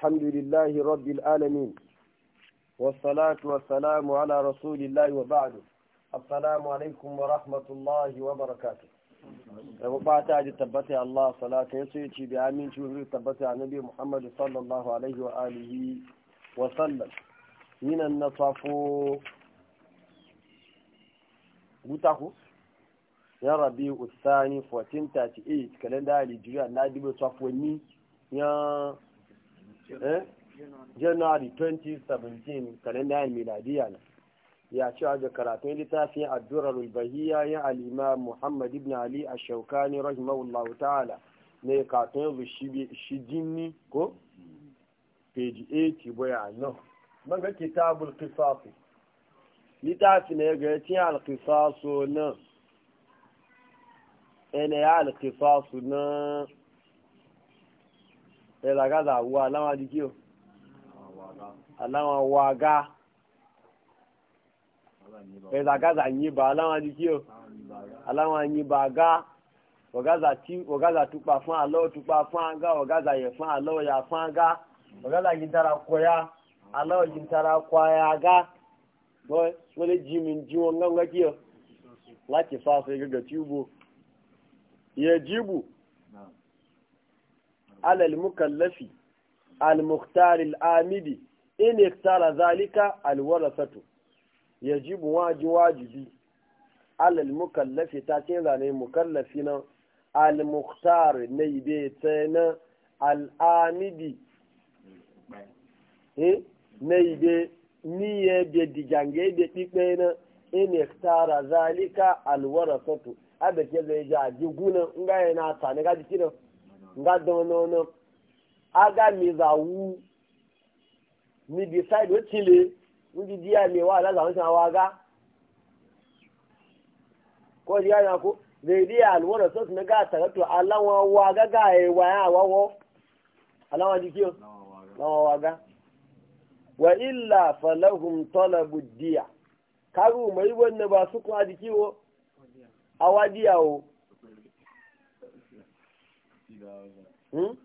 الحمد لله رب العالمين والصلاة والسلام على رسول الله وبعد السلام عليكم ورحمة الله وبركاته وبعد أجل تبتي الله صلاة يسيتي بآمين شهر تبتي عن نبي محمد صلى الله عليه وآله وسلم من النصف gutaku ya rabi usani 1438 kalenda alijiriya na dibe tsafoni ya Eh? january 2017 kalendar miladiya na ya ci da karatun littafin addu'ar ulbahiyya ya alima muhammad ibn ali a shaukani rahimahullah ta'ala ne katon yanzu shi jini ko page 80 boya nan manga kitabul kifafi littafi ya ga ci alkifaso nan ene ya alkifaso nan ẹ̀làgádà àwọ aláwọn adìkí o aláwọn wàgá ẹ̀làgádà yìnbà aláwọn adìkí o aláwọn yìnbà gá ọ̀gázà túpa fún alọ́ túpa fún agá ọ̀gázà yẹ̀ fún alọ́ yà fún agá ọ̀gázà yìí tara kọya alọ́ yìí tara kwaya agá wọ́n lè jí mi jí wọn gángan kí o láti fa tí ó bo yẹ̀ jíbù alal mukallafi al-mukhtar al-amidi in iktara zalika al yajibu waji wajibi alal mukallafi ta ce zane mukallafi na al-mukhtar na ibe ta na al-amidi eh, na ibe niye da dijange da ɗiɓe na in iktara zalika al-warasatu ke zai ji a jigunan in ga jikinan nga dɔɔnɔɔnɔ aga mi za wu mi decide saidi o tile n ya di wa ala zan san wa ga ko di na ko zedi alwara so sun ga ta to ala wa wa ga ga e wa ya wa wo ala wa dikiyo na wa wa ga wa illa falahum talabu diya karu mai wannan ba su kuma dikiwo o Hmm?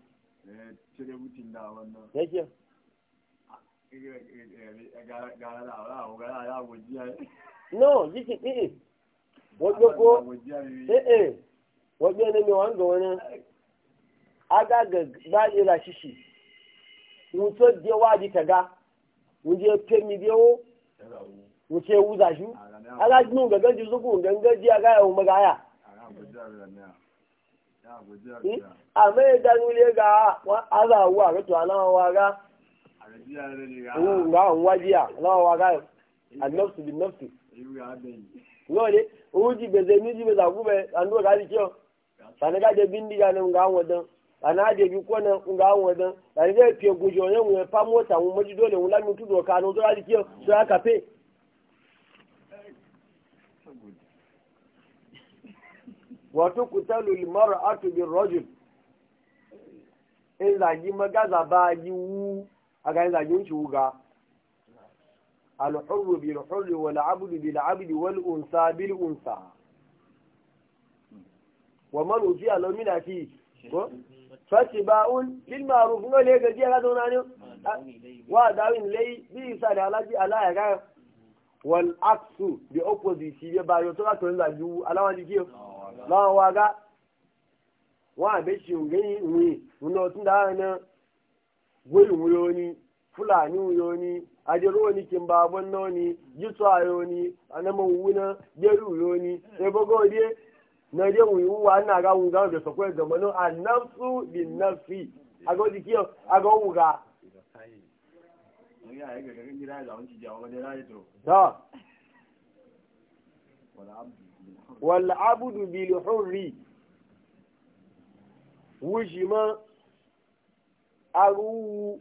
yake no jiki ɗi'i wajen ko ɗi'i wajen ne mai wani aga ga gajira shishi wuto je waji ta ga wuje pemi biyo wuce wuza shi aga jinu ga ganji zuku gangaji aga magaya àmọ́ ìdánilé ga ara àwọ̀ àrètò aláwọ̀ wa rá nga àwọn wájú à aláwọ̀ wa rá àdínọ́fsì bínọ́fsì. Wọ́n lé owó jí bẹ̀sẹ̀ ní jí bẹ̀sẹ̀ àkúbẹ̀ àdúrà káàdì kí ọ. Sànà bí ndí ga ni nga àwọn dán. Sànà àdì bí kọ́ na nga àwọn dán. Sànà káàdì pè ọ̀yẹ́ wọn pa mọ́tà mọ́jú dọ́lẹ̀ wọn lámì túdọ̀ ká ní ọdọ́ káàdì kí ọ sọ wato mara mar'atu bi rojin in zagi magaza ba yi wu a ga zagi wuce wuga alhurru bi alhurru hurri wal bi bil 'abdi wal unsa bil unsa wa man ufiya law fi afi ko fatiba'un bil ma'ruf ngo le ga jiya ga zauna ne wa dawin lai bi isa da alaji ala ya ga wal aksu bi opposite bi ba yo to ka to zagi alawa ji láwọn wa gá wọn àbẹ́sì òǹgẹ́ ìwé ìwé ọtún na náà gbóyè wọn yóò fúlàní wọn yóò ní ajẹ́rú kìmbà abọ́n náà ní jísọ ayọ̀ ní anamọ̀ òwú náà jẹ́rù yóò ní ẹgbọ́gọ́ òde náà jẹ́ wọn fi kí ọ wal abudu bil hurri wujima aru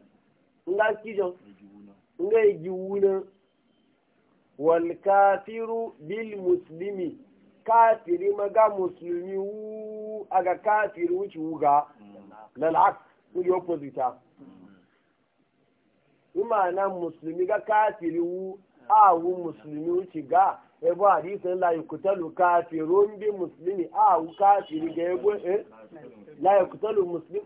nga kijo nga jiwuna wal kafiru bil muslimi ma maga muslimi wu aga kafiri wu wuga Na ak kuli opposite imana muslimi ga kafiri wu awu muslimi wuci ga ebo hadisin la yukutalu kafirun bi muslimi a kafiri ga ebo eh la yukutalu muslim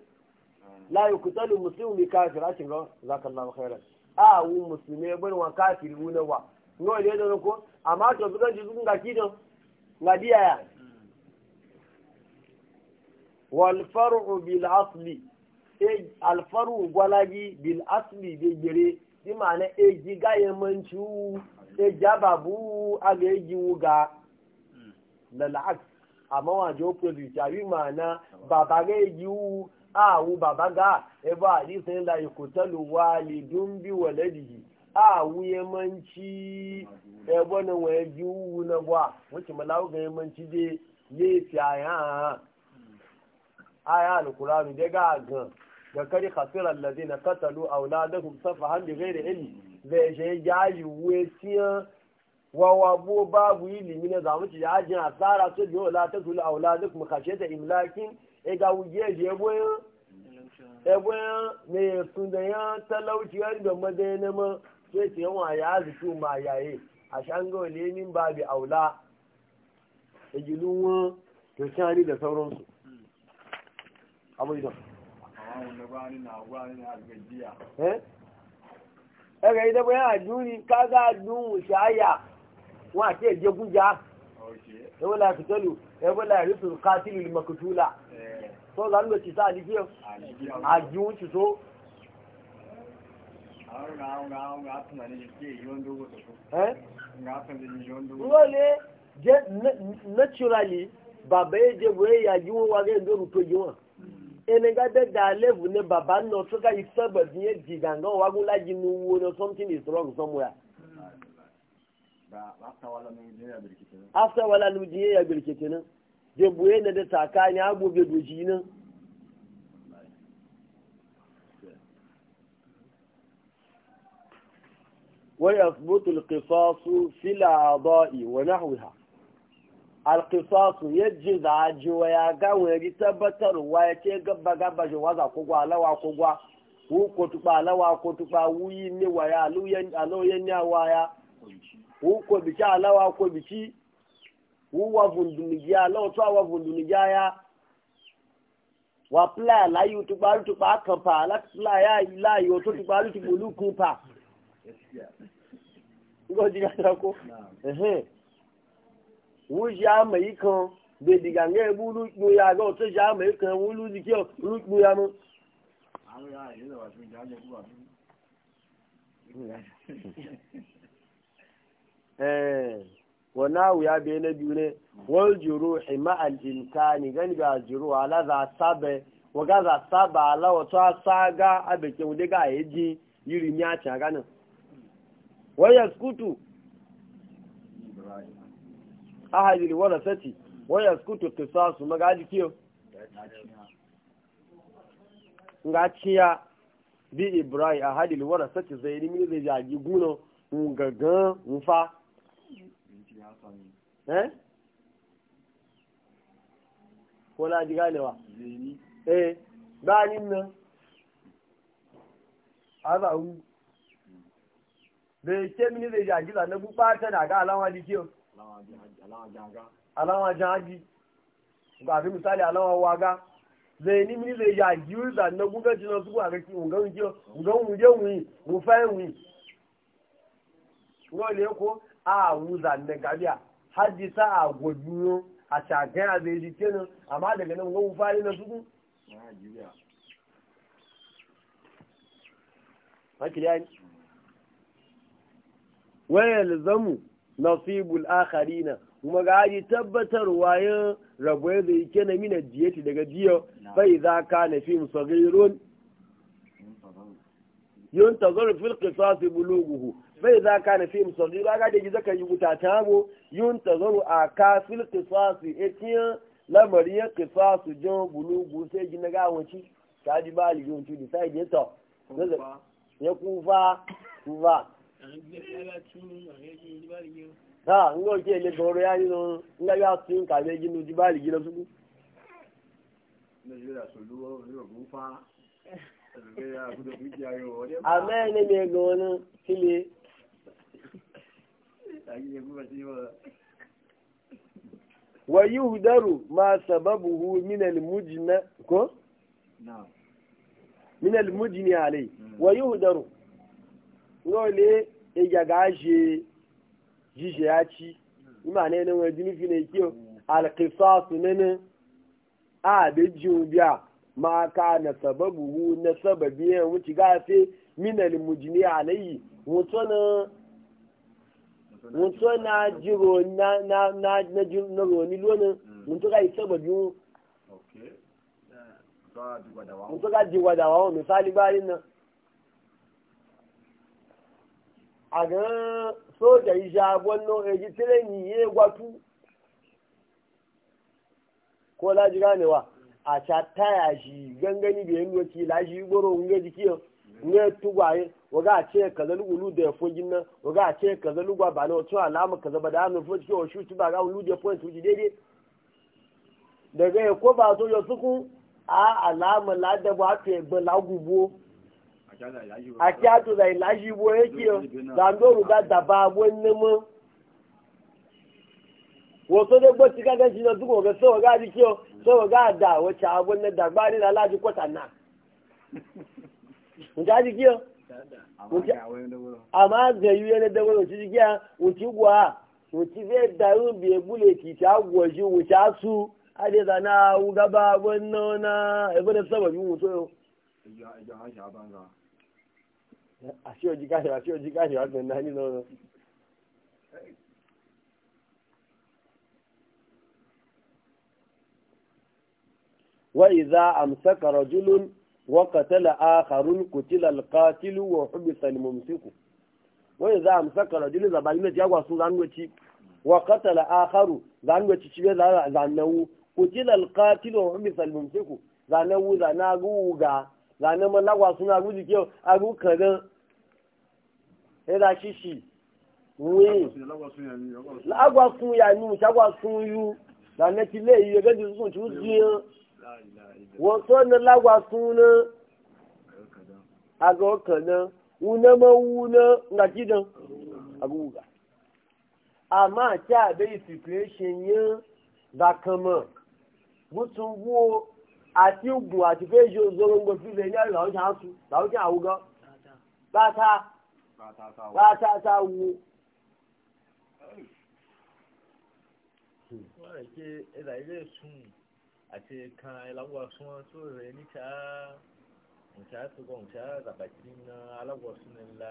la yukutalu muslimu bi kafir a cikin zakallahu khairan a wu muslimi ebo wa kafiri wuna wa no le da ko amma to zuga ji zuga kido ngadiya ya wal far'u bil asli e, al far'u gwalaji bil asli bi jere bi ma'ana e ji gayen manchu ejaba bu a ga yi wuga lalak amma wajen opposite yi mana baba ga yi wu a wu baba ga ebe a risan la ikotalu walidun bi waladihi a wu yamanci ebe na wa yi wu na gwa wacce malawu ga yamanci dai ya fi aya aya alkurani ga gan da kari khasirar lalzina katalu auladahum safahan bi ghairi ilmi bai shi ya yi wesiyan babu ilimi na zamu ci ya jin asara to biyo la ta zulu auladu kuma kashe ta imlakin e ga wuje je boyan e boyan ne sun da talauci da madai ma sai ce yawa ba zuku ma yaye a shango ne da sauransu ẹ̀rẹ̀ ilé bóyá àdúrí kága dùn ṣááyà wọn àti ẹ̀jẹ̀gúnjà ẹ̀wọ́n la kìtọ́lù ẹ̀wọ́n la rí sùn ká sílùú lè mọ̀kìtù eh. tó lọ lọ sí sáà nígbẹ́ àjú ń ṣùtó. wọ́n lé jẹ́ naturally bàbá ẹ̀jẹ̀ bóyá ìyàjú wọn wá gẹ́gẹ́ lórí tó yẹ wọn. ene ga da da ne baba no so ga isaba bi e di ganga wa gun laji nu wo no something is wrong somewhere after wala nu di ya birkete nan je buye ne da takani agbo be doji nan ويثبت القصاص في الأعضاء ونحوها alkisasu ya ji zaji wa ya ga wani tabbatarwa ya ce gaba gaba shi waza kogwa alawa kogwa wu kotuba alawa kotuba wuyi ne wa ya aloyen ya waya wu ko bici alawa ko bici wu wa vundunigiya alawa to wa vundunigiya ya wa pla la utukpa tuba ru tuba kan pa la pla ya la yu to kun pa ko wuji ama ikan bèbí gàngé ebú ya aga ọtọ ama ikan wú lùdí kí lùkpù ya mọ. wọn náà wùyá juru ní biwúlé wọ́n jùrù ìmá juru ala níbi àjùrù aláza sábẹ wọ́n gáza sábà aláwọ̀tọ́ asága abẹ̀kẹ́ wọn dé gáà yé dín yìrì aga àtsàgánà wọ́n skutu. ahadil warasati wa yaskutu qisasu magaji kiyo ngaciya bi ibrahim ahadil warasati zairi min zai jaji guno ngagan nfa eh kola la ji ganewa eh bayanin nan azawu da ke min zai jaji zanen gubata daga alawa alawan aji? ba fi misali alawan waga zai ni mini zai yaji na gugan jina su ungan jiyo ungan wuyi wuyi lè kó àwùzà nẹ̀gàbíà hajjisa àgbòdúró àti àgẹ́ àbèjì tẹ́nu àmàdẹ̀gẹ̀ náà wọ́n wọ́n yẹ̀ lè zọ́mù nasibul akharina kuma ga aji tabbatarwa yin rabuwa ya zai na mina diyeti daga diyo fai za ka na fi musagirun yun tazaru fil qisasi buluguhu bai za ka na fi musagirun ga da gizo yi wuta tabo yun tazaru a ka fil qisasi etiyan lamarin ya qisasu jan bulugu sai gina ga wanci ta ji ba alijin tudi sai je to ya kufa kufa ha nga oke ele goro ya nínú nga yóò tún ń kàwé jí nu dibali jí lọ sókú. àmọ́ ẹni mi gan ọ́nà kí ni. wàyí hùdárù máa sábàbù hu mínẹ́lì ngole ya e gaje jije ya ci ima ne na wani nufi ne kiyo alkisasu ne ne a da jiun biya ma ka na sababu hu na sababi ya e, wuce gafe minal mujini alayi mutu na jiro na na na na jiro na roni lona mutu mm. ka yi sababi hu mutu eh, ka ji gwadawa misali bari na a gan soja yi shagon nan ya ji tireni ya gwatu ko laji ganewa a ca taya shi gangani da yin doki laji goro nga jiki nga tugwaye waga a ce kaza lugulu da ya fogin nan waga a kaza lugwa ba na wato alama kaza ba da hannun fo cikin wasu ci point wuce daidai daga ya ko suku a alama gubo àti àtúnṣe ìlàjìbò èkì ọ làǹdóòrù bá dàbà àbọ̀ ẹni mọ́ wọ́n tó dé gbọ́tí gẹ́gẹ́ sí iná dúkùn ọ̀gẹ́ sọ̀rọ̀ gáà di kí ọ sọ̀rọ̀ gáà da ọ̀ ṣà àbọ̀ ẹni dàgbà ní aláàjì kọ́tà náà ǹjẹ́ á di kí ọ àmọ́ àgbẹ̀ yìí ẹni dẹ́gbẹ́ òtí di kí ọ òtí wà òtí fẹ́ dàrú bí ebúlé kìtì àwọ̀ ṣe òtí á sú àdéhà náà awúgábà àbọ̀ ẹni náà ẹgbẹ́ àṣì òjì káṣẹ̀ àṣì òjì káṣẹ̀ wà náà nínú ọ̀rọ̀. wa iza amsaka rajulun wa qatala akharun qutila wa hubisa almumsiku wa iza amsaka rajulun sun wa qatala akharu qutila wa hubisa almumsiku guga ranar malawa suna guji kyau a rukan ran ẹ̀dà ṣíṣì wíìn lágbàsún yà ní ìṣàgbàsún yú lànà tí lè yí ẹgbẹ́ tuntun tí ó di ẹ́ wọ́n tó ní lágbàsún àti ogun àti fèjì òzòròngbò fílẹ̀ ní ọ̀rọ̀ làwọn ṣáà tún làwọn ṣáà bàtà bàtà tá wọ́n rẹ̀ ṣe ẹ̀dà ilé sùn àti kan aláwọ̀sùn tó rẹ̀ níta nǹkan àtúkọ̀ nǹkan àtàbàtì na aláwọ̀sùn ńlá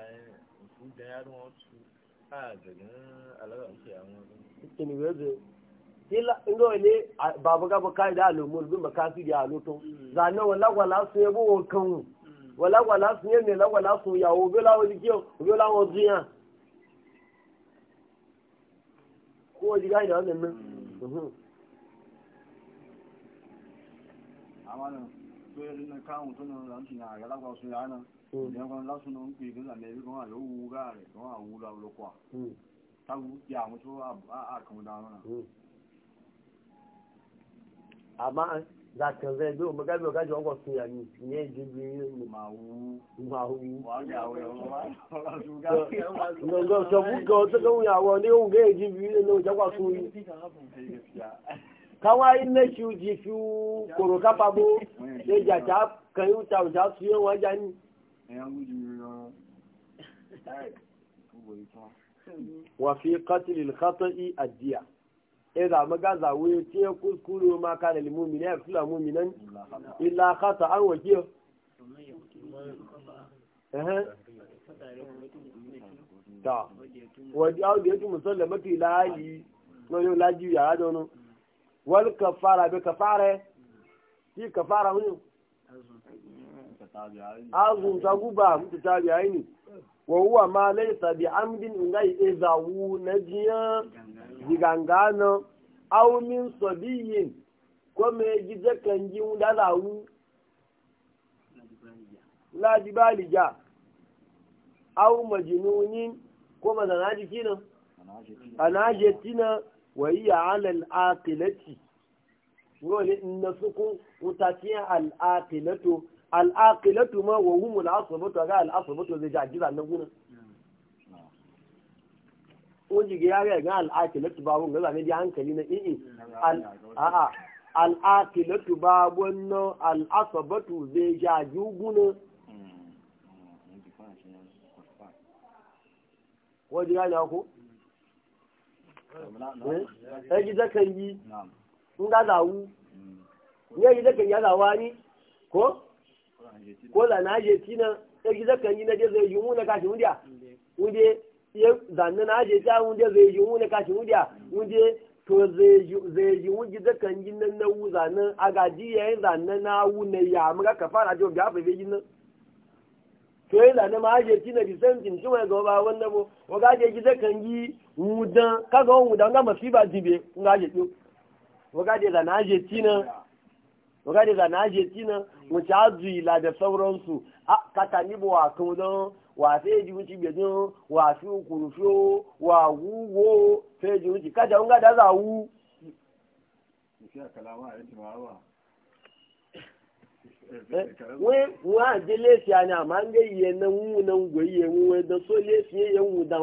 ìfúdẹ́ àrùn ọ̀tún àgbẹ̀gán aláwọ̀sùn àwọn ọ̀dọ́. kí wẹ́ẹ́ bẹ̀rẹ̀. kila ngo ne babu ga ba da alumul bin ba kafi da aluto zanna wala wala su yabo kan wala wala su yeme la wala su ya o bela o dikio bela o dia ko diga ida ne men amana so yin na kan to no ran tin ya la su ya na ne ko la su no ku ga ne ko a yo u ga re ko a u la lo kwa ta u ya mu a a kan na amma za ka zai bi mu gabe gaje wa kwasu ya ni ne jibi ni mawu mawu no go to bu go to go ya wa ni un ge jibi ni no ja kwasu yi kawa in ne shi ji shi koro ka pa bo إذا ما قال كل ما كان المؤمن يقتل مؤمنا إلا خطأ وكيف أها ta wajen auda yake musalla mafi layi na yau laji ya rada wani wani kafara bai kafara azunta ba, mutu ta biya ni wa huwa ma laisa bi amdin ngai ezawu na jiya digangana aw min sabiyin ko me gida kan ji da zawu la dibalija aw majnunin ko mazana je anajetina wa hiya ala al-aqilati ngole nasuku mutatiya al-aqilatu al'aqilatu ma wa humul asabatu aga al'asabatu zai ja gidan nan gunan ko jige ya ga ga al'aqilatu ba gun ga zame di hankali na i'i a'a al'aqilatu ba gunno al'asabatu zai ja gunan ko jira na ko eh? eh ji zakan yi in ga zawu mm. ne ji zakan ya zawa ni ko ko la na je tina ta gizo kan yi na je zai yi muna kashi wudiya wunde ya zanna na je ta wunde zai yi muna kashi wudiya wunde to zai yi wun gizo kan yi na na wu zanna a gaji ya yi zanna na wu na ya muka ka fara jiwa ga fa yi nan to yi zanna ma je tina bi san tin tuma ga ba wannan bo wa ga je gizo kan yi wudan kaga wudan ga masiba jibe ga je to wa ga je zanna je tina wakati za na ajiye tina wuce azuyila da sauransu a katani ba wa don wa sai wuce wa fi wa gugo sai ji wuce kada wunga da za wu wọ́n àdé léèsì àná àmà ń gé iye náà ń wù náà ń gbé iye ń wù ẹ̀dán tó léèsì ń wù náà.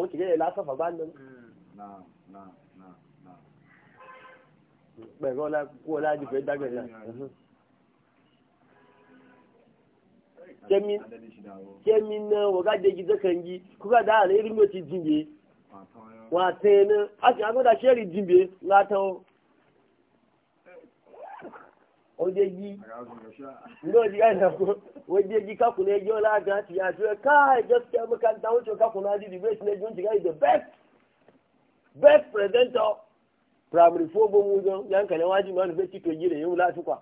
pẹ̀lú ọlá kú ọlá náà. kemin na waga da gizo kan gi kuka da ala irin yoti jimbe wata yana ake an da sheri jimbe lata o oje gi ndo ji ga na ko o gi ka kuna gi e ola ga ti ya to kai e gaskiya makanta wato ka kuna di di best ne gun ti ga the best best presenter primary four bo mu jan yan kana waji ma ne ti to gi ne yau lafi kwa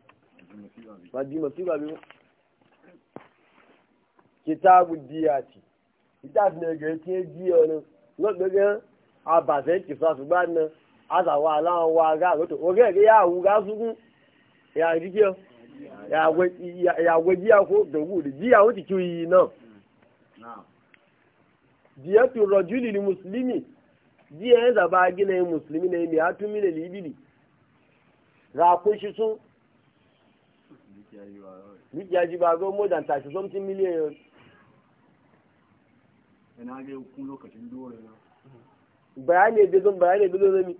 maji masu gabi kitabu diyati kitabu ne ga yake diya wani lọ́gbẹ̀gẹ́ abàṣẹ́ kìfà ṣùgbọ́n ní àtàwà aláwọ̀ wa gá àgọ́tò orí ẹ̀gẹ́ yà wù gá sókún ìyàdíkẹ́ ìyàwó jíyàwó dòwú rẹ̀ jíyàwó ti tún yìí náà díẹ̀ tó rọ̀jú lìlì mùsùlùmí díẹ̀ ń zàbá gínà mùsùlùmí náà ìmì àtúmílẹ̀ lìbìlì rà kó sun. dukiya ji ba go more than 30 something million yana ga kun lokacin dole na bayani da zan bayani da zan mi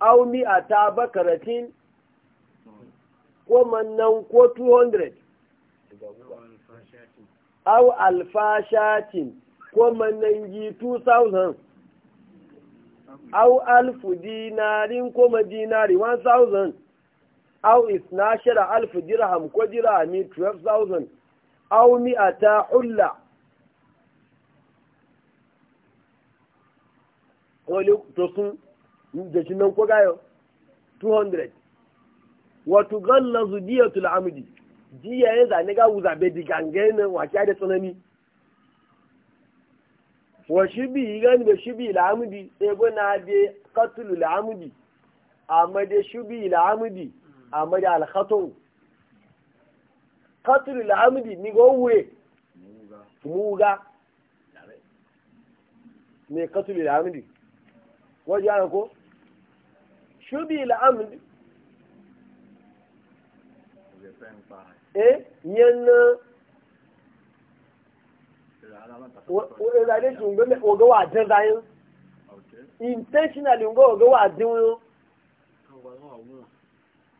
aw mi ata bakaratin ko nan ko 200 aw alfashatin ko nan ji 2000 aw alfu dinarin ko madinari 1000 aw isna shara alfu dirham ko dirhami 12000 aw mi'ata hulla wani to sun da nan ko gayo 200 wato galla zu diyatul amdi diya ya zane ga wuza be digangene wa kya da tsanani wa shi shibi gani be shibi lamudi sai gona be qatlu lamudi amma de shibi lamudi amma da alhatun katul al'amdi ni gowwe muga ne katul al'amdi waje ana ko shubi al'amdi eh yana Ìrìnàdé ṣùgbọ́n gbẹ́mẹ̀ ògọ́wà jẹ́ dáyé. Intentionally ògọ́wà dín wọn.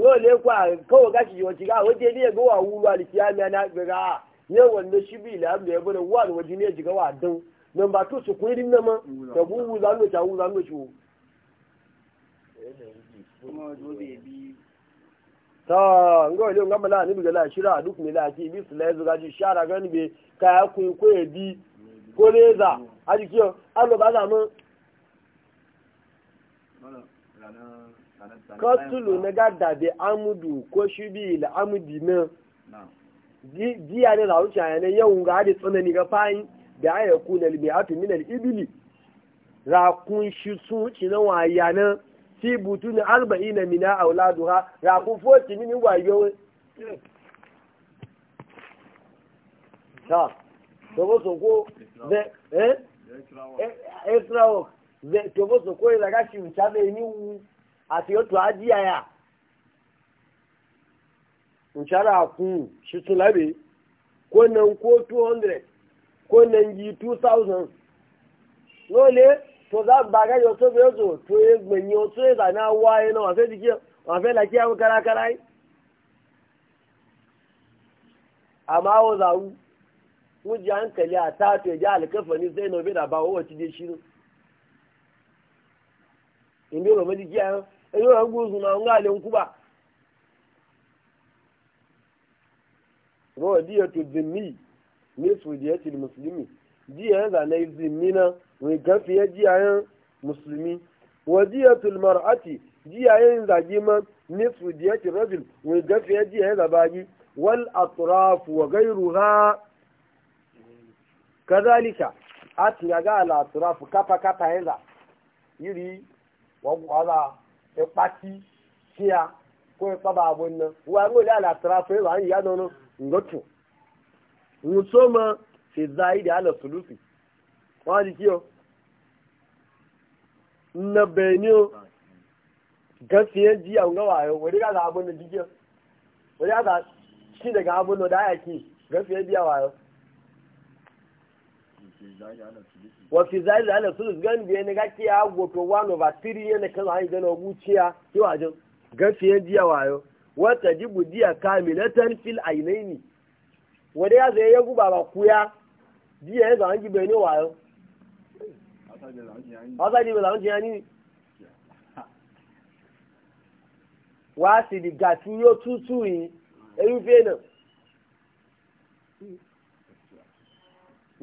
wọ́n lè kó àkọ́wọ́ káṣí yọ̀ ti ká àwọn tí ilé ya wà wúlò àlìsí àmì anágbèrè à ní a ní ṣíbí ilẹ̀ àmì ẹ̀bọ̀n wà ní wọ́n ti ní ẹ̀jìká wà dán nọmba tó sùkún rí nà mọ́ tẹ̀bú wúlò àwọn wúlò àwọn òṣù. tọ́ ngọ́ ilé níbi ìṣúra ibi kọtulu na gada da amudu ko shibi la amudi na jiya ne da wuce yana yau ga da tsanani ga fayin da aya yi atu minal ibili rakun shi ci na waya na fi butu na arba'i na mina a wuladu ha rakun foci mini wayo ta soko soko da eh extra work da soko soko shi ni àti otu ajíyà yà nchara kun shi tulabe ko nan ko 200 ko nan ji 2000 lole to za ba ga yi so zo to ye gbenye o so wa na wa fe dike wa fe kara kara yi amma o za wu mu hankali a ta to ji alkafani sai no be da ba o ci je shi ne in bi ro me dike eyo aguzu na le nkuba ro dia to zimmi ni su dia ti muslimi dia za na zimmi na we gafiya dia yan muslimi wa diya til mar'ati dia yan zagi ma ni su dia ti rajul we gafiya dia yan zabagi wal atraf wa ghayruha kadhalika ya ga al atraf kapa kapa yanza yiri wa qala ipa ti siya ko ipa ba abun nan wa ngo da ala trafe wa ya dono ngotu ngutu ma fi zaidi ala sulusi di kiyo na benio gaskiya ji a ngawa yo wani ka ga abun wani shi ga abun ki wafi zai da ana sulus gan biye ne ga kiya goto one over three yana kan hanyar gana wuciya yau ga gafiye jiya wayo wata jibu jiya kamilatan fil ainaini wanda ya zai ya guba ba kuya jiya ya zama jibe ne wayo asa jibe zama jiya ni wa si di gati yo tutu yi eyu fe na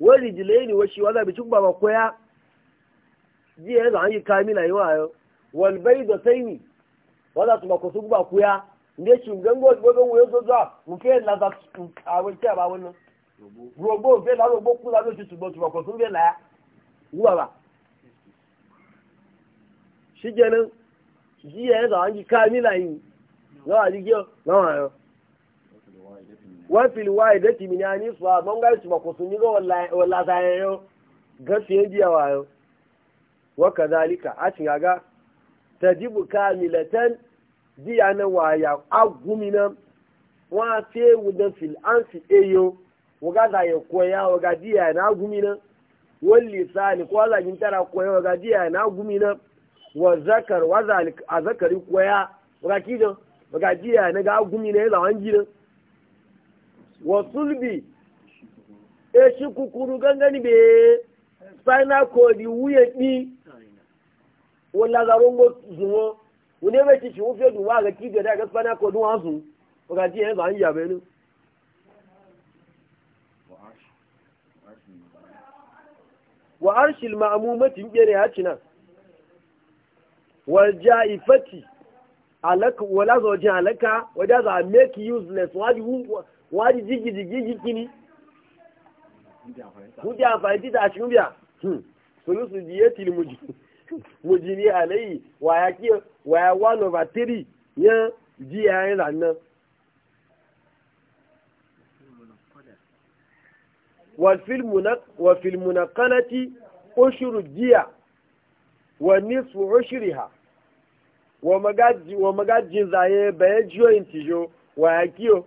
wani jileni wa shi wanda bicin ba makoya jiya yanzu an yi kamila yi wa yau walbai da ni, wanda su mako su ba kuya ne shi gango su gogon wuyan so zuwa mufe laza a wanke ba wannan robo fe la robo kula lo shi su bo su mako su fe laya wuwa ba shi kenan jiya yanzu an yi kamila yi na wa jigiyo na wa yau Wan fili wá èdè tì ní àní sọ àmọ́ ń gáyìí tùmọ̀ kò sùn nígbà wọ́n la sáyẹn yọ gan fi ń díyàwó ayọ. wọ́n kàn dá àlíkà á ti yàgá tẹ̀díbù ká mi lẹ́tẹ́n díyà náà wà áyà á gún mi náà wọ́n á fi ewu dán fi à ń fi eyo wọ́n ká dà yẹn kọ́ ya wọ́n ká díyà yẹn á gún mi náà wọ́n lè sá ni kó wọ́n làyìn tára kọ́ ya wọ́n ká díyà yẹn á gún mi náà wọ́n zakar zakari kọ́ ya wọ́n ká kí náà wọ́n ká díyà yẹn á gún mi náà yẹn làwọn jí náà. wa sulbi e shi kukuru gangani be spinal cord wuye ɗi wala zarongo zuwo wani bai ci shi wufe duwa ga kibiyar da ga spinal cord wa su ga ji yanzu an yabe ni wa arshil ma'amumatin ɓere ya ci nan wal ja'ifati alaka wala zawajin alaka wajen za a make useless wajen wọ́n á di jígi jígi jígi kíni. Wúdi àǹfààní títà àṣìkún bíà. Solúsù di yé tìlì mojì. Mojì ni àlẹ́ yìí wàyà kí wàyà one over three yẹn di ẹ̀rín lànà. Wàfíìmù náà kánná oṣùrù díà wà ní sùn oṣùrì Wọ́n wàyà kí o.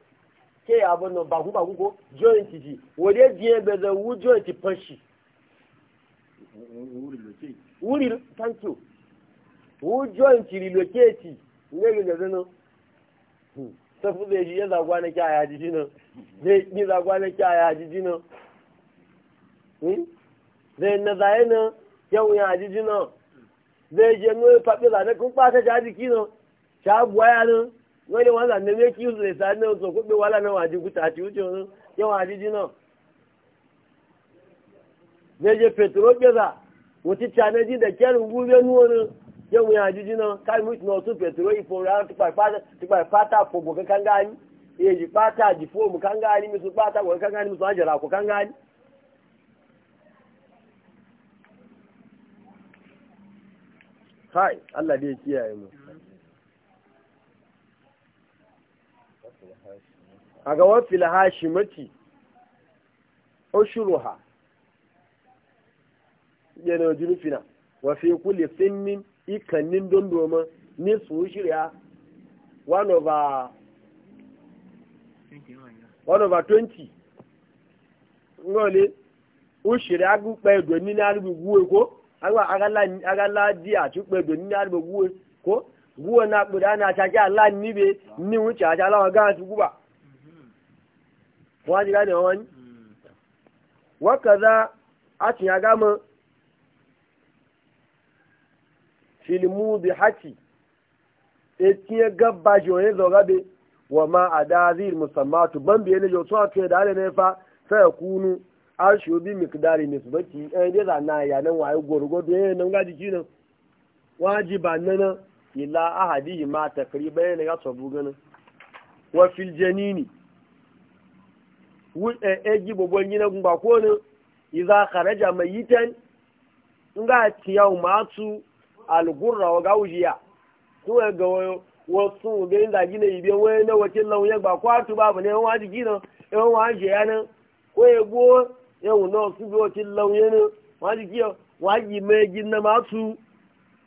ke abu nan baku baku ko joint ji wode biye be da wu joint punchi wuri thank you wu joint relocate hmm. ne ga zano safu zai ji ya zagwa na kya ya jiji nan zai yi zagwa na kya ya jiji nan hmm. zai na zaye nan yau ya jiji nan zai je nwe papi zane kun kwata jajiki nan ta buwaya nan wọ́n lé wọn là ní méjì ìṣòro ìsáájú náà sọ pé wàhálà náà wà á kúta àti ojú ọ̀run yẹ wọn na. náà. Gbèjè pètúrò gbèsà wò ti tsa ní dídè kẹrin wú lé nu ọ̀run yẹ wọn àdídí náà káyọ̀ mú ìtùnà ọ̀tún pètúrò ìfowóra tìpa ìpátá fòbò kankan gáyé èyí pátá àdìfóòmù kankan mi sùn pátá wọ̀ kankan mi sùn àjàrà àkọ́ a ga wafil hashimati ushuruha yana wajen fina wa fi kulli sinnin ikannin don doma ni su shirya one over one over twenty ngole ushiri agụkpa edo ni na arụgbụ gwuo ko agala di achụkpa edo ni na arụgbụ gwuo ko gwuo na akpụrụ ana na-achacha ala n'ibe nni nwuche achala ọ gaa achụkwụba Wani á ti gane wọn ni a ti gama filimu bi haki e ya gaba joye zogabe wa ma adazir musammatu ban biye ne yoto a tuye da ale ne fa sai kunu an shi obi mikdari nisbati ɗan eh, dai za na ya nan waye gorgodo ya nan gaji kinan wajiba nana ila ahadi ma takriban ne ga sabu ganin wa fil janini eji e, gbogbo nyina gba ko ne iza kharaja mayitan nga tiya umatu algurra wa gaujiya to ga wasu e ga inda ibe na wakin lawun ya gba babu ne e wa gina ya ko e na su bi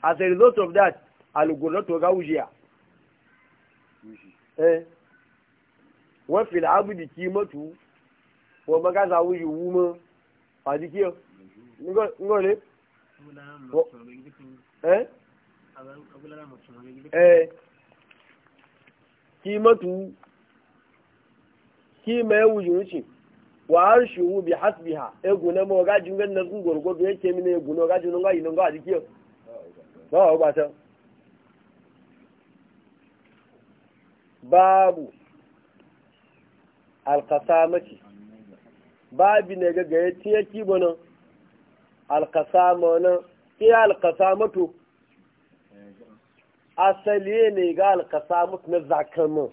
a result of wọ́n mọ́ káṣá wọ́n yìí wú mọ́ àti kí ọ ngọ́ lé. kí mọ́tò kí yìí ń wa bi ha egu na mo ga jungen na kun gorgo be yake mini egu no ga junun ga babi ne ga ya tiye kibo nan alkasama nan iya asali ne ga alkasamatu na zakamu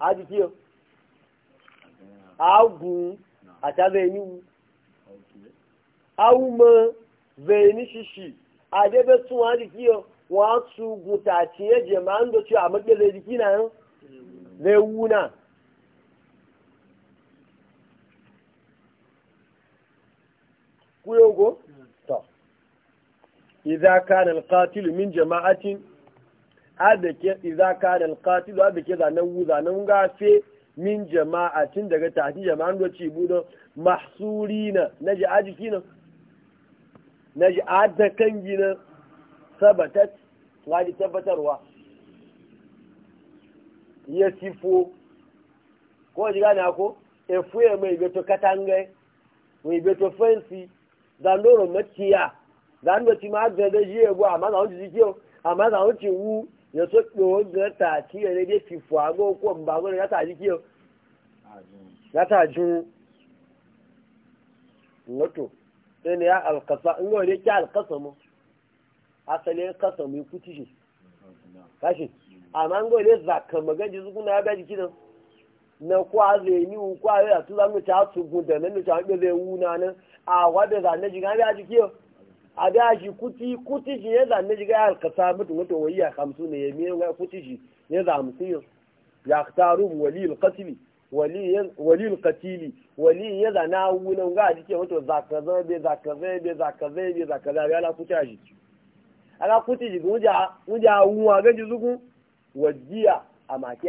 a jiki agun a ta zai auma zai ni shishi a dabe tun a jiki wasu gutace ya jema'an da ce a maƙi zai jiki na yan zai wuna kuyogo to idza kana alqatil min jama'atin adake idza kana alqatil adake zanan wuza nan gafe min jama'atin daga tafi jama'an da ci budo mahsurina naji ajikina naji adakan gina sabatat ngadi tabbatarwa ya sifo ko na ko efuye mai beto katange mai beto fensi zandoro a zandoro ci ma ga da jiye go amma za wuce wuce wu ya so do ga ta ci ya dai fi fuago ko mba go ya ta jiyo ya ta ju noto ne ya alqasa ngo ne ki alqasamu asalin kasamu kuti shi kashi amma ngo ne zakka na zukuna ya ga jikin na kwaze ni u kwaye a tu zamu ta su gunda nan ta be wuna nan a wada za ne jiga ya jike a da shi kuti kuti ji ne za ne jiga al qasamut wato wayya 50 ne yemi ga kuti ji ne za 50 ya khtaru wali al qatl wali wali al qatil wali ya za na wuna ga jike wato zakaza be zakaza be zakaza be zakaza ya la kuti ji ala kuti ji guja guja wuwa ga ji zugu wajiya a maki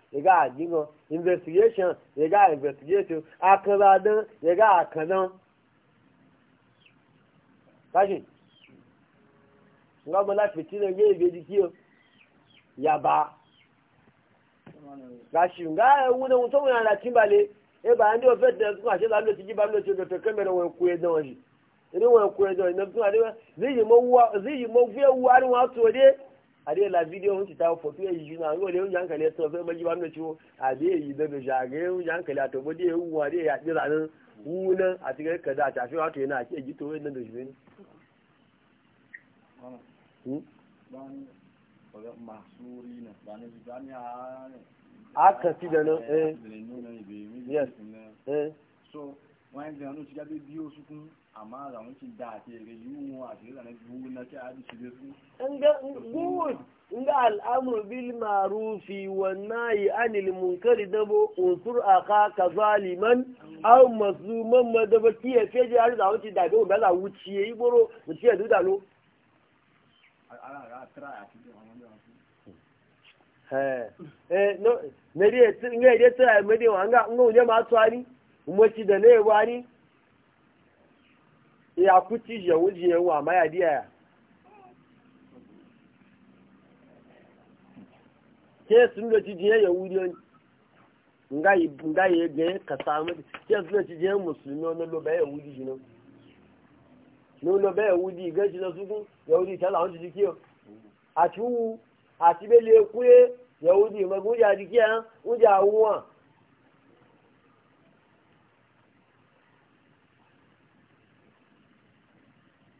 ya ga investigation ya ga investigation akaradun ya ga akanan tashi ngọ́gbọ́n láti tí lóye ìgbèjì kí o yàbá ràṣì ńgá ewu náà tó wọ́n yàrá tìǹbalẹ̀ ẹbà ndí ọ̀fẹ́ tẹ̀lé tó àṣẹ lálẹ́ ti jíba lọ́tí ọ̀dọ̀tọ̀ kẹ́mẹ̀rẹ̀ wọn kú ẹ̀dán yìí ẹni wọn kú àdé la fídíò ń tìta fòtú èyí yìí náà wọlé oúnjẹ àǹkàlẹ̀ A fẹ́ yi bá ń lọ́tí o àdé èyí dọ́dọ̀ ṣàgé oúnjẹ àǹkàlẹ̀ àtọ̀gbọ́dé ewu àdé àgbéra ní wú náà àti kẹ́kẹ́dá àti àfihàn àtòyẹ náà àti èyí tó wé dọ́dọ̀ ṣùgbọ́n. a kàn sí dáná ẹ yẹs. so wọ́n ń gbìyànjú ti jáde bí ó sunkún. amma ga wancin da ke ga yiwu a cikin na ce a su su Gugu inda al'amur bil marufi wannan yi anil munkari dabo unsur aka ka zaliman aw mazluman madaba da wancin da ga za wuciye yi boro mutum duk da lo na riya tira mai dewa an ga ungo ne masu wani umarci da na yi wani ya kuci ya wuce wa maya diya ya ke sun da ci ya yahudiyon nga ya ga ka samu ke sun da jiye musulmi wannan lo ya yahudi shi nan lo lo ba yahudi shi na su ya yahudi ta lawo ji kiyo a chu a ti be le kuye yahudi ma guja ji kiya uja wuwa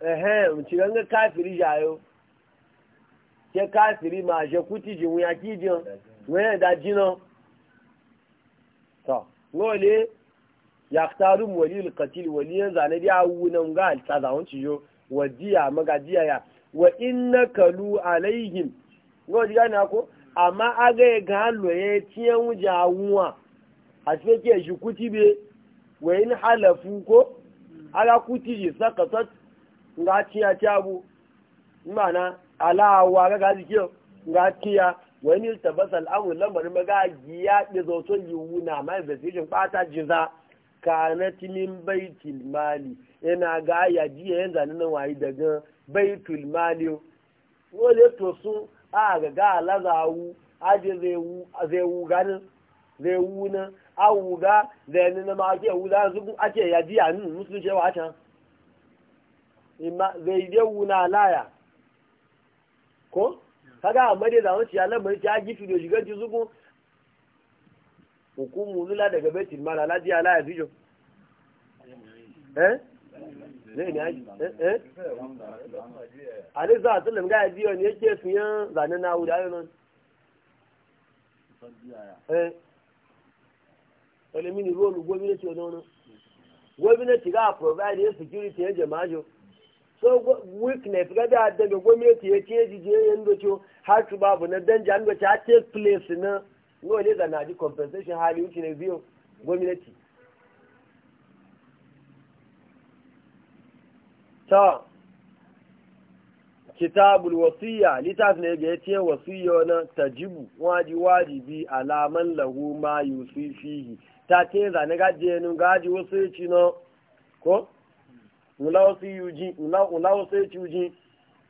ehe mciganga kafiri jayo ke kafiri ma je kuti ji wuya ki jiyo wani da jino to ngole ya taru wali alqatil wali yanzu ne da wunan ga altaza won ciyo wadiya magadiya ya wa innaka kalu alaihim ngole gani ko amma aga ga hallo ye tiyan wuja wuwa a cikin shi kuti be wa halafu ko aga kuti ji sakatat nga ciya cabu mana alawa ga gaji kiyo nga ciya wa in tabasa al'amur lamarin maga giya da zauton yiwu na ma investigation bata jiza na min baitul mali yana ga ya jiya yanzu na wayi daga baitul mali wole to su a ga ga lazawu aje zai wu zai wu ganin zai wu na awuga da na ma ake wuza zugu ake yaji a nun musulun cewa can zai dai wuna laya ko kaga amma dai zaman ciya lamarin ta gifi da shigar ci ku? hukumu zula daga betin mara ladi ala ya fijo eh ne ne eh, eh? alisa sallam ga yaji ne yake suyan zanen na wuda yau nan eh? ẹlẹ́mí rolu róòlù gómìnàtì ọdọ́nà ga provide yẹn security yẹn jẹ̀ so weakness gẹ́gẹ́ da gómìnàtì yẹn tiẹ́ jíjẹ ji je dọ̀tí o hard to babu na danja ń dọ̀tí a take place na no le òní na di compensation hali ó ne lè bí ta kitabu wasiya litas ne ga yace wasiya na tajibu waji waji bi alaman lahu ma yusifihi ta ce zane gajiye nun gaji wasu ya ci na ko nula wasu yuji nula wasu ya ci yuji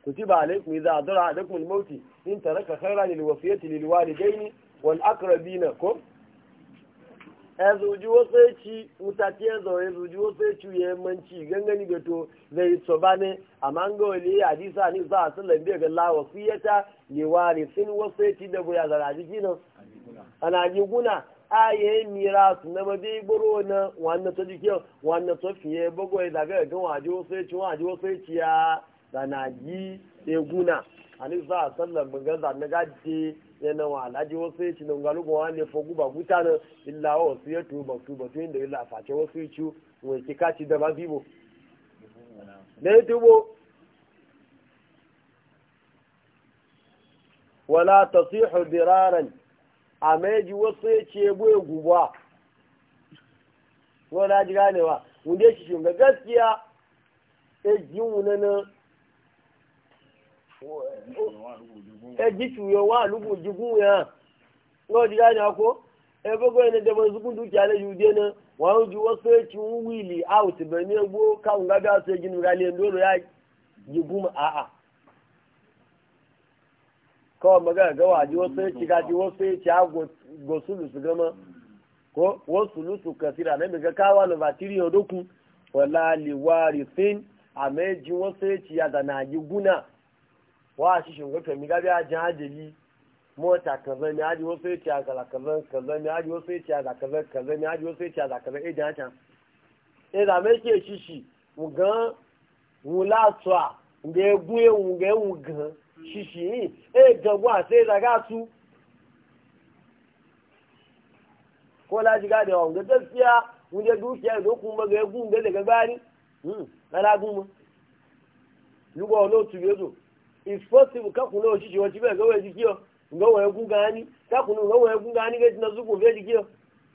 ku ci ba alaikum idza adara alaikum mauti in taraka khaira lil wasiyati lil walidaini wal aqrabina ko ezuji wasu ya ci mutati ezo ezuji wasu ya ci ya manci gangani da to zai so bane amma ga wali hadisa ni za a sallan bi ga la wasiyata li warisin wasu ya ci da buya zaraji kinan ana ji guna aye mira su na mabe gboro na wanda ta jike wanda ta fiye bago ya daga ga waje wasu ci waje wasu ci ya da na yi eguna ani za a sallan mun gaza na gaji na wa alaji wasu ci na galu wanda ya fogu guba guta na illa wa wasu ya tu ba su ba su inda illa face wasu ci wai ki kaci da ba bibo ne tubo wala tasihu diraran ama ya ji wasu ya ce bu ya guba wani na ji ganewa gaskiya ya ji wunana ya ji cuyo wa lugu ya wani ji ganewa ko ya bago yana da ban zukun dukiya na yude na wani ji wasu ya ci wili ka bane go kawun gaga eji ya gini ụlọ ya ji m a'a kawai magana ga waji mm, wasu ya ci mm, gaji mm. wasu ya ci go sulusu gama ko wasu sulusu kasira na miga kawa na batiri ya doku wala liwari fin a meji wasu ya ci ya da na yi guna wa shi shin ga mi gabi a jin hajjali mota kaza mi haji wasu ya ci a kaza kaza kaza mi haji wasu ya ci a kaza kaza mi haji wasu ya ci a kaza e jan can e da me ke shi shi mu gan mu la tsoa nge gun e nge ngan ṣìṣì yìí ẹ̀ẹ́dọ̀gbọ́n àti ìdàgàtú ko laji gade wa ga gaskiya mun dukiya da ku ba ga gun ga daga bani hmm kala gun mu yugo lo tu yezo is possible ka kuno shi shi wanci ba ga wai jikiyo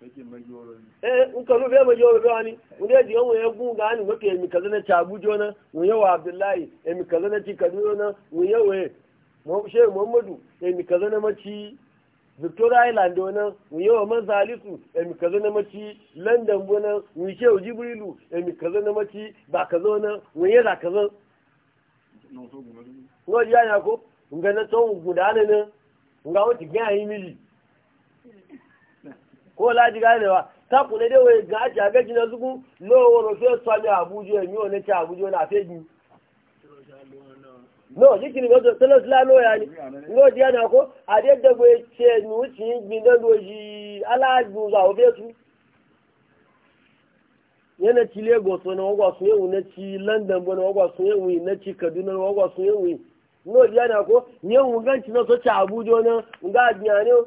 eh nkalu be ma joro gani unde diga mu yagu gani ngoke mi kazana chabu joona mu yawa abdullahi e mi kazana ci kaduna mu yawe mu she muhammadu e mi kazana maci victoria island na wuye wa manzalisu salisu mi kaza na maci london wani wuce wa jibrilu e mi kaza na maci ba kaza wani wuye za kaza ngo ji yana ko nga na tsawon gudana na nga wata gina yi miji ko laji ganewa wa ne dai wai ga a aga ji zugu no woro fe so mi abuja mi o ne ci abuja na fe no jikini go to tele sla ya ni ngo na ko ade de go che nu ala gbu za o fe tu yana ci lagos na ci london wani wagwa sun yawon na ci kaduna wani wagwa na ko yawon na so ci na nga biya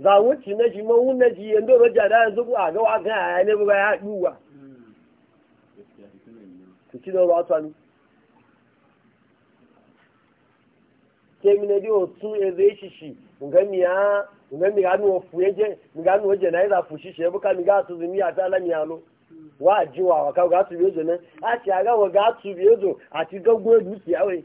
za wuce na shi man wun na shi yanzu roja da yanzu a ga wa kan yaya ne ba ya duwa su ci da ba ta ni ke mi na biyo su e zai shi shi nga mi ya nga mi ga nu fu ye je mi ga nu je na ya fu shi she buka mi ga su zumi ya ta la mi alo wa ji wa wa ka ga su biyo ne a ti aga wa ga su biyo zo a ti gaggo du ti awe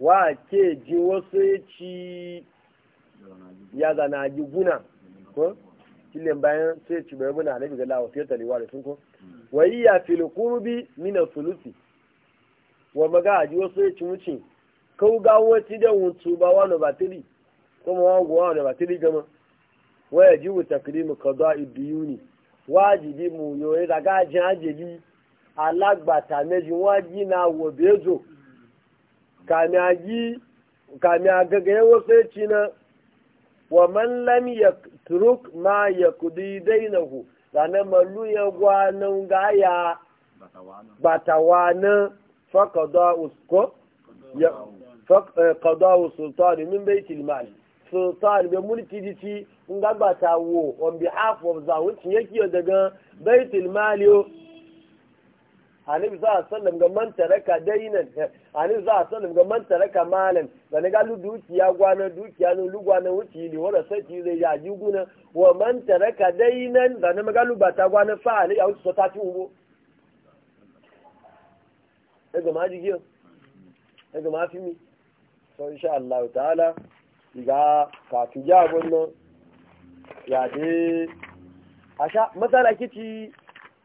wa ke ji wasu ya ci ya zana ji guna ko kilin bayan sai ci bai muna nabi gala wasu ya talewa da sun ko wa yi ya fili kurbi mina sulusi wa maga ji wasu ya ci mucin kau ga wacce da wutu ba wani batiri kuma wa guwa wani batiri gama wa ya ji wuta kirimu ka zuwa ibiyuni wajibi mu yoyi daga ajin ajiyeli alagbata meji waji na wobezo. bezo kami a gagayen wasu ya ci na wa man lam ya turuk ma ya kudi dai na hu ranar malu ya gwanan gaya ba ta wani fakada usko eh, usultani min bai tilmali sultani bai mulki jiki in gabata wo on behalf of zawuncin yake daga bai tilmali annabi za a sallam ga man taraka dainan annabi za a sallam ga man taraka malan da na galu dukiya gwana dukiya no lu gwana wuci ne wadda sai zai ya ji guna wa man taraka dainan da na magalu ba ta gwana fa a ya wuce sota ci hugo daga ma ji giyo daga ma fi mi so insha Allah ta'ala diga ka tuja wannan ya dai asha matsala kici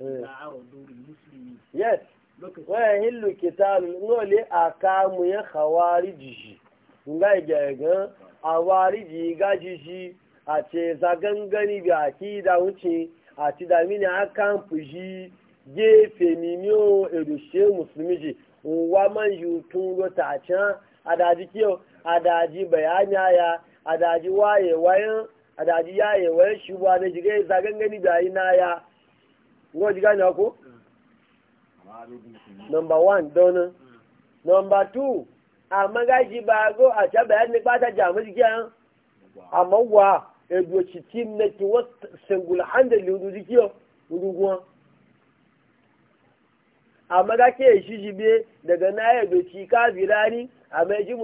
Eh. yes wọ́n hìlù kìtàlù náà lé àkàmù yẹn nga ìgbẹ̀gán àwárí jìgá àti ìzagángan àti àti ìdàmínà ni ní o mùsùlùmí jì nwa máa ń yù tún kí o ya adájí wáyé wáyé adájí yáyé wáyé ṣubú ngo ji gane ko number one number two amma gaji ba go a ta ba jamu jikiya amma wa edo chiti na ki wa single handed lu jikiyo uduguwa amma ga ke shi jibe daga na edo chi ka virani amma ji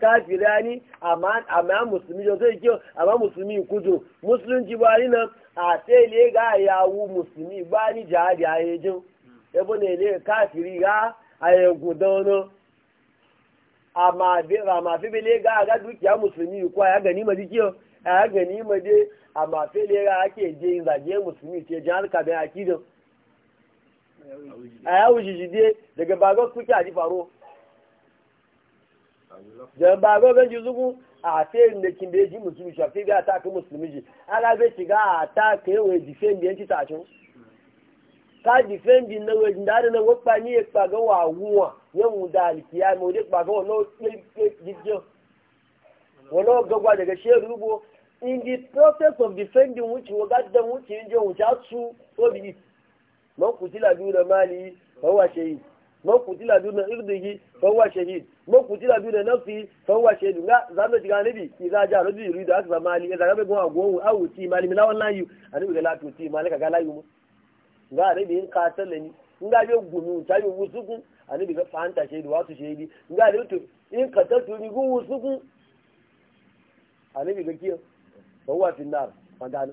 kafira ni amma musulmi jo sai kiyo amma musulmi musulun ji ba ni nan a sai le ga yawo musulmi ba ni jihadi a yejin ebo ne le kafiri ga a yegu dono amma be amma fi bele ga ga dukiya musulmi ko ya gani ma dikiyo ya gani ma de amma fi le ga ake je zage musulmi ce jihar ka be akido a yawo jijide daga bagon kuke a ji faro jamba go ganji zugu a fe ne kinde ji musulmi shi fe ga ta ka musulmi ji ala be shiga a ta ka we defend yanti ta ka defend na we ndare na wopa ni e pa wa wuwa yan mu da alkiya mu de pa ga no pe pe jijo wono go gwa daga sheru bo in the process of defending wuce we got them which injo which out to so be mo kutila bi na mali wa wa sheyi man kutila duna irdihi fa huwa shahid man kutila duna nafsi fa huwa shahid nga zamu diga nabi idza ja rajul yuridu akza mali idza gabe gwa gwo awu ti mali mila wallahi anabi ga latu ti mali ka galayu mu nga nabi in katale ni nga be gumi ta yo wusuku anabi ga fanta shahid wasu shahidi nga da tu in katatu ni gu wusuku anabi ga kiyo fa huwa finnar magana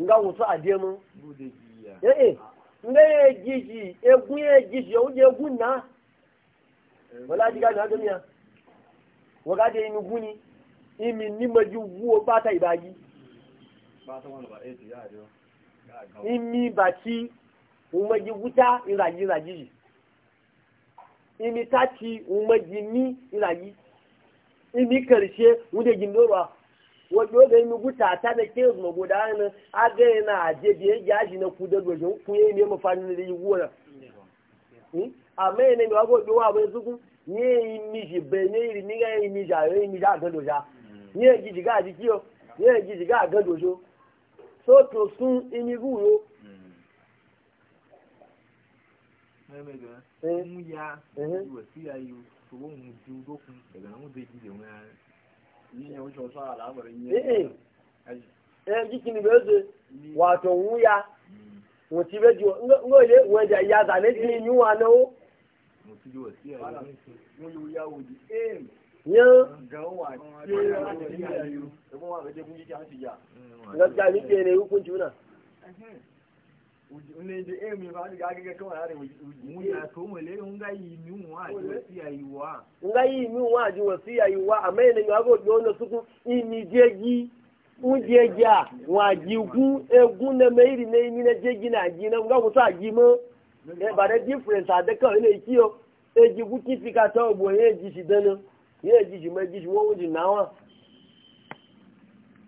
nga wusu mu ee eh, eh, nga ye jiji egun ye jiji o je egun na wala diga na do miya waga de inu guni imi ni maju wu o bata ibaji bata wọn ba eh, ji wuta dio imi bati umaji wuta iraji iraji imi tati ji ni iraji imi karshe wude gindorwa wato da yi guta ta da ke zuma guda ne a ga yana aje da ya aji na ku da gojin ku yi ne mafani yi gona amma yana ne wago dowa bai zuku ne yi miji bai ne yi ni yi miji a yi miji a ga doja ne yi gidi ga aji yo ne yi gidi ga ga dojo so to sun imi guyo Eh. eh, eh. eh jikini bezo wato wuya mutu mm. bejo ngole weja ya da eh. ne mm, ni nyuwa na o ya wudi yi ko wa unende emi vani gagega ko ari muya to mole yi yimi unwa ji wasiya yiwa unga yimi unwa ji wasiya yiwa amene ngago jono suku imi jeji ujeja wa e, e, jigu egun na meiri na imi na gi na ji na ngago sa ji mo e ba the difference ade kan ile ki o ejigu ti ka to bo ye ji si dano. ye ji ji meji won won ji wa.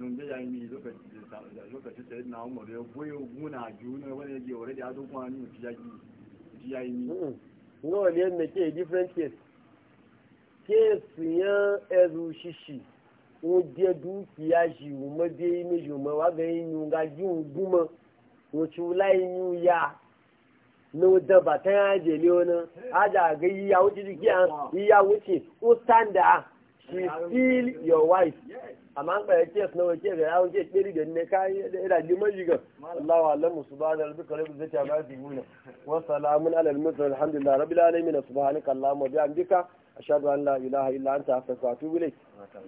nun da yayi lokacin sai na umar ya boye guna juna wani yake wani da ado kuma ni ya yaki ci yayi ni no le ne ke different case case ya ezu shishi o de dukiya shi o ma de ni jo ma wa ga yin ga ji o guma o ci lai ni ya no da ba ta ya je le ona aja ga yi ya wuce dikiya yi ya wuce o stand up she steal your wife amma an kwaya kes na wake ga yawon ke kiri da ne kayan da ira liman shiga Allah wa Allah musu ba da kare karabi zai ta ba su guna wa salamun ala al-mursal alhamdulillah rabbil alamin subhanaka allahumma bihamdika ashhadu an la'ila ilaha illa ta astaghfiruka wa atubu